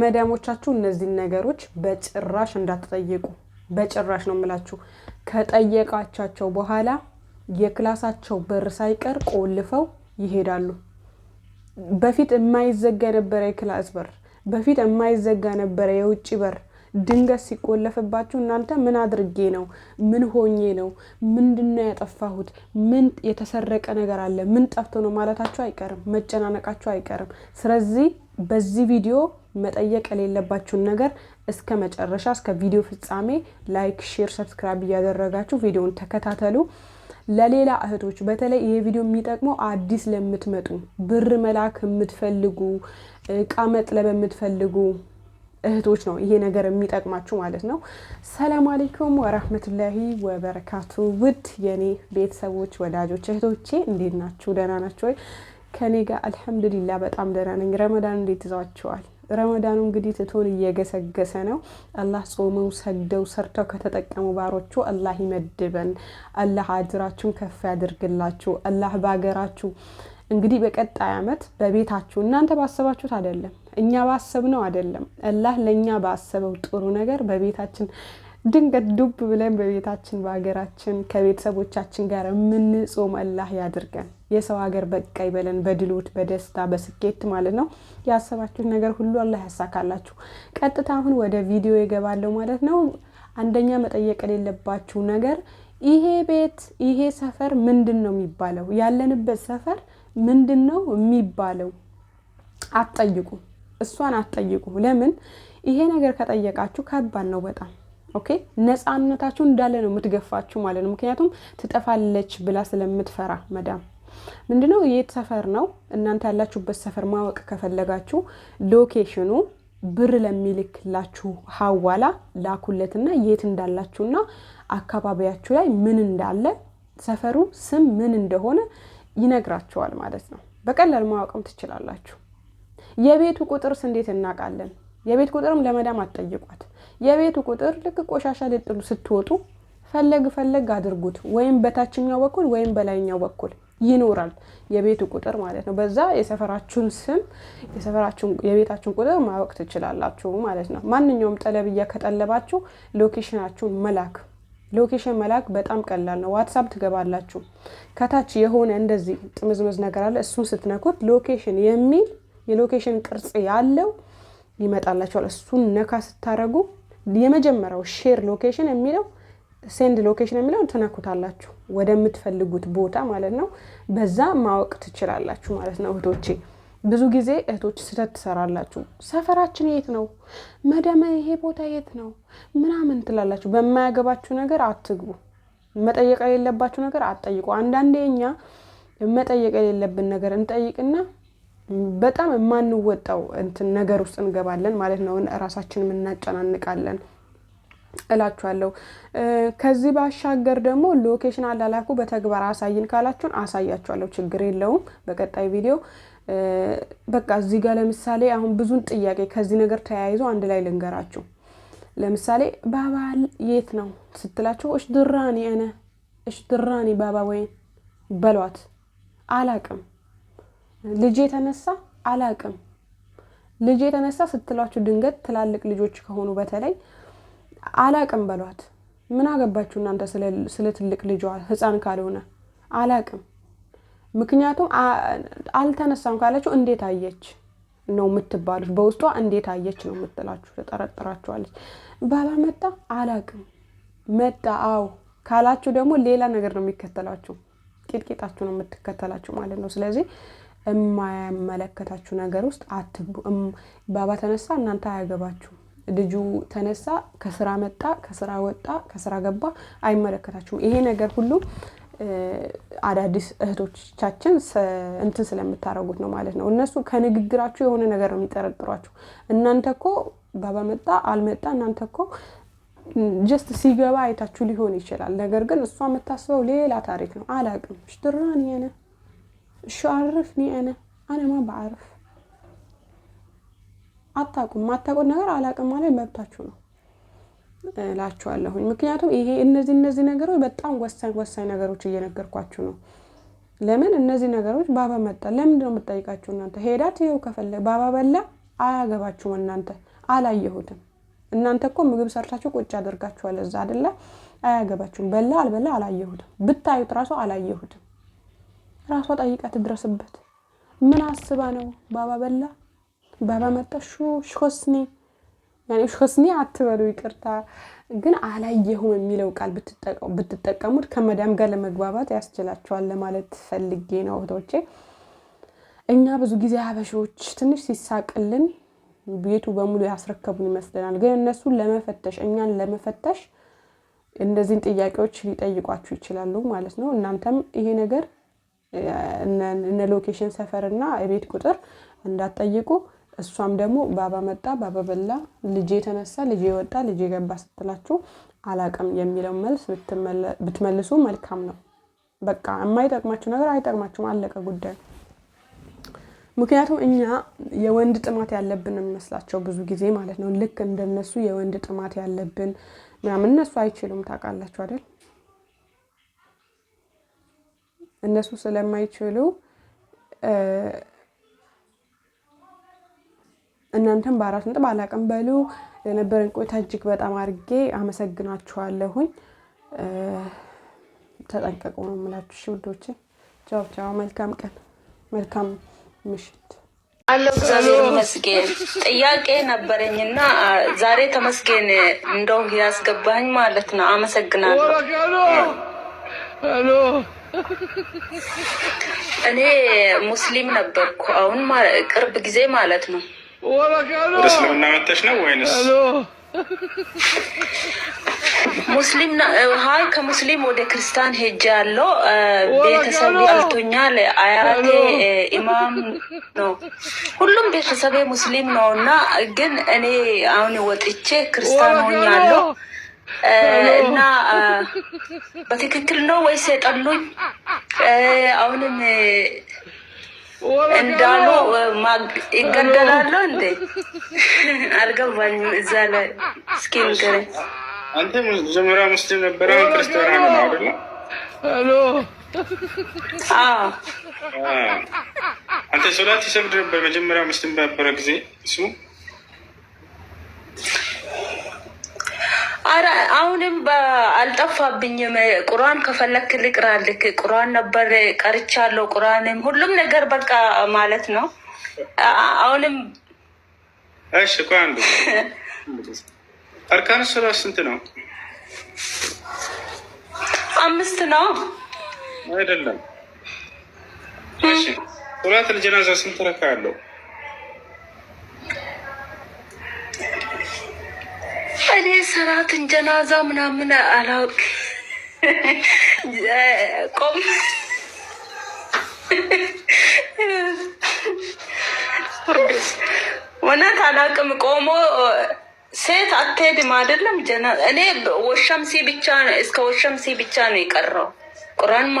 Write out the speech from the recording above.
መዳሞቻችሁ እነዚህን ነገሮች በጭራሽ እንዳትጠይቁ፣ በጭራሽ ነው የምላችሁ። ከጠየቃቻቸው በኋላ የክላሳቸው በር ሳይቀር ቆልፈው ይሄዳሉ። በፊት የማይዘጋ ነበረ የክላስ በር፣ በፊት የማይዘጋ ነበረ የውጭ በር። ድንገት ሲቆለፍባችሁ እናንተ ምን አድርጌ ነው? ምን ሆኜ ነው? ምንድነው ያጠፋሁት? ምን የተሰረቀ ነገር አለ? ምን ጠፍቶ ነው ማለታችሁ አይቀርም፣ መጨናነቃችሁ አይቀርም። ስለዚህ በዚህ ቪዲዮ መጠየቅ የሌለባችሁን ነገር እስከ መጨረሻ እስከ ቪዲዮ ፍጻሜ ላይክ፣ ሼር፣ ሰብስክራይብ እያደረጋችሁ ቪዲዮውን ተከታተሉ። ለሌላ እህቶች በተለይ ይሄ ቪዲዮ የሚጠቅመው አዲስ ለምትመጡ ብር መላክ የምትፈልጉ እቃ መጥለብ የምትፈልጉ እህቶች ነው ይሄ ነገር የሚጠቅማችሁ ማለት ነው። ሰላም አሌይኩም ወረህመቱላሂ ወበረካቱ። ውድ የእኔ ቤተሰቦች፣ ወዳጆች፣ እህቶቼ እንዴት ናችሁ? ደህና ናችሁ ወይ? ከኔ ጋር አልሐምዱሊላ በጣም ደህና ነኝ። ረመዳን እንዴት ይዟችኋል? ረመዳኑ እንግዲህ ትቶን እየገሰገሰ ነው። አላህ ጾመው ሰግደው ሰርተው ከተጠቀሙ ባሮቹ አላህ ይመድበን። አላህ አጅራችሁን ከፍ ያድርግላችሁ። አላህ በሀገራችሁ እንግዲህ በቀጣይ አመት በቤታችሁ እናንተ ባሰባችሁት አይደለም፣ እኛ ባሰብነው አይደለም፣ አላህ ለእኛ ባሰበው ጥሩ ነገር በቤታችን ድንገት ዱብ ብለን በቤታችን በሀገራችን ከቤተሰቦቻችን ጋር የምንጾም አላህ ያድርገን። የሰው ሀገር በቃ ይበለን፣ በድሎት በደስታ በስኬት ማለት ነው። ያሰባችሁት ነገር ሁሉ አላህ ያሳካላችሁ። ቀጥታ አሁን ወደ ቪዲዮ ይገባለሁ ማለት ነው። አንደኛ መጠየቅ የሌለባችሁ ነገር ይሄ ቤት ይሄ ሰፈር ምንድን ነው የሚባለው? ያለንበት ሰፈር ምንድን ነው የሚባለው? አትጠይቁ፣ እሷን አትጠይቁ። ለምን ይሄ ነገር ከጠየቃችሁ ከባድ ነው በጣም ኦኬ ነፃነታችሁ እንዳለ ነው የምትገፋችሁ ማለት ነው። ምክንያቱም ትጠፋለች ብላ ስለምትፈራ መዳም ምንድነው የት ሰፈር ነው እናንተ ያላችሁበት ሰፈር ማወቅ ከፈለጋችሁ ሎኬሽኑ ብር ለሚልክላችሁ ሀዋላ ላኩለትና የት እንዳላችሁና አካባቢያችሁ ላይ ምን እንዳለ ሰፈሩ ስም ምን እንደሆነ ይነግራችኋል ማለት ነው። በቀላል ማወቅም ትችላላችሁ። የቤቱ ቁጥርስ እንዴት እናውቃለን? የቤት ቁጥርም ለመዳም አትጠይቋት። የቤቱ ቁጥር ልክ ቆሻሻ ልጥሉ ስትወጡ ፈለግ ፈለግ አድርጉት፣ ወይም በታችኛው በኩል ወይም በላይኛው በኩል ይኖራል የቤቱ ቁጥር ማለት ነው። በዛ የሰፈራችሁን ስም የቤታችሁን ቁጥር ማወቅ ትችላላችሁ ማለት ነው። ማንኛውም ጠለብያ ከጠለባችሁ ሎኬሽናችሁን መላክ ሎኬሽን መላክ በጣም ቀላል ነው። ዋትሳፕ ትገባላችሁ። ከታች የሆነ እንደዚህ ጥምዝምዝ ነገር አለ። እሱን ስትነኩት ሎኬሽን የሚል የሎኬሽን ቅርጽ ያለው ይመጣላችኋል። እሱን ነካ ስታደርጉ የመጀመሪያው ሼር ሎኬሽን የሚለው ሴንድ ሎኬሽን የሚለውን ትነኩታላችሁ ወደምትፈልጉት ቦታ ማለት ነው። በዛ ማወቅ ትችላላችሁ ማለት ነው እህቶቼ። ብዙ ጊዜ እህቶች ስህተት ትሰራላችሁ። ሰፈራችን የት ነው መደመ ይሄ ቦታ የት ነው ምናምን ትላላችሁ። በማያገባችሁ ነገር አትግቡ። መጠየቅ የሌለባችሁ ነገር አትጠይቁ። አንዳንዴ እኛ መጠየቅ የሌለብን ነገር እንጠይቅና በጣም የማንወጣው እንትን ነገር ውስጥ እንገባለን ማለት ነው። ራሳችንም እናጨናንቃለን እላችኋለሁ። ከዚህ ባሻገር ደግሞ ሎኬሽን አላላኩ በተግባር አሳይን ካላችሁን አሳያችኋለሁ። ችግር የለውም። በቀጣይ ቪዲዮ በቃ እዚህ ጋር ለምሳሌ አሁን ብዙን ጥያቄ ከዚህ ነገር ተያይዞ አንድ ላይ ልንገራችሁ። ለምሳሌ ባባል የት ነው ስትላችሁ እሽ ድራኔ እነ እሽ ድራኔ ባባ ወይን በሏት አላቅም ልጅ የተነሳ አላቅም ልጅ የተነሳ ስትሏችሁ ድንገት ትላልቅ ልጆች ከሆኑ በተለይ አላቅም በሏት። ምን አገባችሁ እናንተ ስለ ትልቅ ልጇ ህፃን ካልሆነ አላቅም። ምክንያቱም አልተነሳም ካለችው እንዴት አየች ነው የምትባሉች በውስጧ እንዴት አየች ነው የምትላችሁ፣ ተጠረጥራችኋለች። ባላ መጣ አላቅም መጣ አው ካላችሁ ደግሞ ሌላ ነገር ነው የሚከተላችሁ፣ ቂጥቂጣችሁ ነው የምትከተላችሁ ማለት ነው። ስለዚህ የማያመለከታችሁ ነገር ውስጥ አትግቡ። ባባ ተነሳ፣ እናንተ አያገባችሁም። ልጁ ተነሳ፣ ከስራ መጣ፣ ከስራ ወጣ፣ ከስራ ገባ፣ አይመለከታችሁም። ይሄ ነገር ሁሉ አዳዲስ እህቶቻችን እንትን ስለምታደርጉት ነው ማለት ነው። እነሱ ከንግግራችሁ የሆነ ነገር ነው የሚጠረጥሯችሁ። እናንተ እኮ ባባ መጣ አልመጣ፣ እናንተ እኮ ጀስት ሲገባ አይታችሁ ሊሆን ይችላል። ነገር ግን እሷ የምታስበው ሌላ ታሪክ ነው። አላቅም ሽድራን እሺ አርፍኒ አነ አነማ በአርፍ አታውቁም ማታውቁት ነገር አላቅም ማለት መብታችሁ ነው እላችኋለሁኝ። ምክንያቱም ይሄ እነዚህ እነዚህ ነገሮች በጣም ወሳኝ ወሳኝ ነገሮች እየነገርኳችሁ ነው። ለምን እነዚህ ነገሮች ባባ መጣ ለምንድን ነው የምጠይቃችሁ? እናንተ ሄዳችሁ ይኸው ከፈለ ባባ በላ አያገባችሁም። እናንተ አላየሁትም። እናንተ እኮ ምግብ ሰርታችሁ ቁጭ አደርጋችኋል እዛ አይደለ? አያገባችሁም። በላ አልበላ አላየሁትም። ብታዩት ራሱ አላየሁትም። ራሷ ጠይቃ ትድረስበት። ምን አስባ ነው? ባባ በላ ባባ መጣ ሾስኔ ያኔ ሾስኔ አትበሉ፣ ይቅርታ ግን አላየሁም የሚለው ቃል ብትጠቀሙት ከመዳም ጋር ለመግባባት ያስችላቸዋል ለማለት ፈልጌ ነው እህቶቼ። እኛ ብዙ ጊዜ ሀበሾች ትንሽ ሲሳቅልን ቤቱ በሙሉ ያስረከቡን ይመስለናል። ግን እነሱን ለመፈተሽ እኛን ለመፈተሽ እነዚህን ጥያቄዎች ሊጠይቋችሁ ይችላሉ ማለት ነው። እናንተም ይሄ ነገር እነ ሎኬሽን ሰፈር እና ቤት ቁጥር እንዳትጠይቁ። እሷም ደግሞ ባባ መጣ፣ ባባ በላ፣ ልጅ የተነሳ፣ ልጅ ወጣ፣ ልጄ ገባ ስትላችሁ አላቅም የሚለው መልስ ብትመልሱ መልካም ነው። በቃ የማይጠቅማችሁ ነገር አይጠቅማችሁም። አለቀ ጉዳዩ። ምክንያቱም እኛ የወንድ ጥማት ያለብን የሚመስላቸው ብዙ ጊዜ ማለት ነው። ልክ እንደነሱ የወንድ ጥማት ያለብን ምናምን እነሱ አይችሉም። ታውቃላችሁ አይደል? እነሱ ስለማይችሉ እናንተም በአራት ነጥብ አላቅም በሉ። ለነበረን ቆይታ እጅግ በጣም አድርጌ አመሰግናችኋለሁኝ። ተጠንቀቁ ነው የምላችሁ። እሺ ውዶቼ፣ ቻው ቻው። መልካም ቀን፣ መልካም ምሽት አለው። እግዚአብሔር ይመስገን። ጥያቄ ዛሬ ተመስገን እንደው ያስገባኝ ማለት ነው። አመሰግናለሁ። እኔ ሙስሊም ነበርኩ። አሁን ቅርብ ጊዜ ማለት ነው። ወደ እስልምና መተሽ ነው ወይንስ ሙስሊም? ሀይ ከሙስሊም ወደ ክርስቲያን ሄጅ ያለው ቤተሰብ ያልቶኛል። አያቴ ኢማም ነው፣ ሁሉም ቤተሰቤ ሙስሊም ነው እና ግን እኔ አሁን ወጥቼ ክርስቲያን ሆኛለሁ። እና በትክክል ነው ወይስ የጠሉኝ? አሁንም እንዳሉ ይገደላሉ እንዴ? አልገባኝም። እዛ ላይ እስኪ ንገረኝ። አንተ መጀመሪያ ሙስሊም ነበረ ክርስቲያን ነው አይደለ? አንተ ሶላት ይሰግድ ነበር መጀመሪያ ሙስሊም በነበረ ጊዜ እሱ አረ አሁንም አልጠፋብኝ። ቁርአን ከፈለክ ልቅራልክ። ቁርአን ነበር ቀርቻለሁ። ቁርአንም ሁሉም ነገር በቃ ማለት ነው። አሁንም እሺ፣ ቆይ አንዱ አርካን ስራ ስንት ነው? አምስት ነው አይደለም? እሺ ሶላት አልጀናዛ ስንት ረካ አለው? እኔ ሰራትን ጀናዛ ምናምን አላውቅ ቆም እውነት አላውቅም። ቆሞ ሴት አትሄድም አይደለም ጀና እኔ ወሸምሲ ብቻ ነው እስከ ወሸምሲ ብቻ ነው የቀረው ቁራን